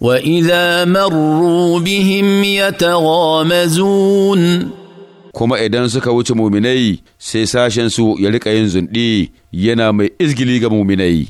واذا مروا بهم يتغامزون kuma idan suka wuce muminai sai sashen su ya riƙa yin zunɗi yana mai izgili ga muminai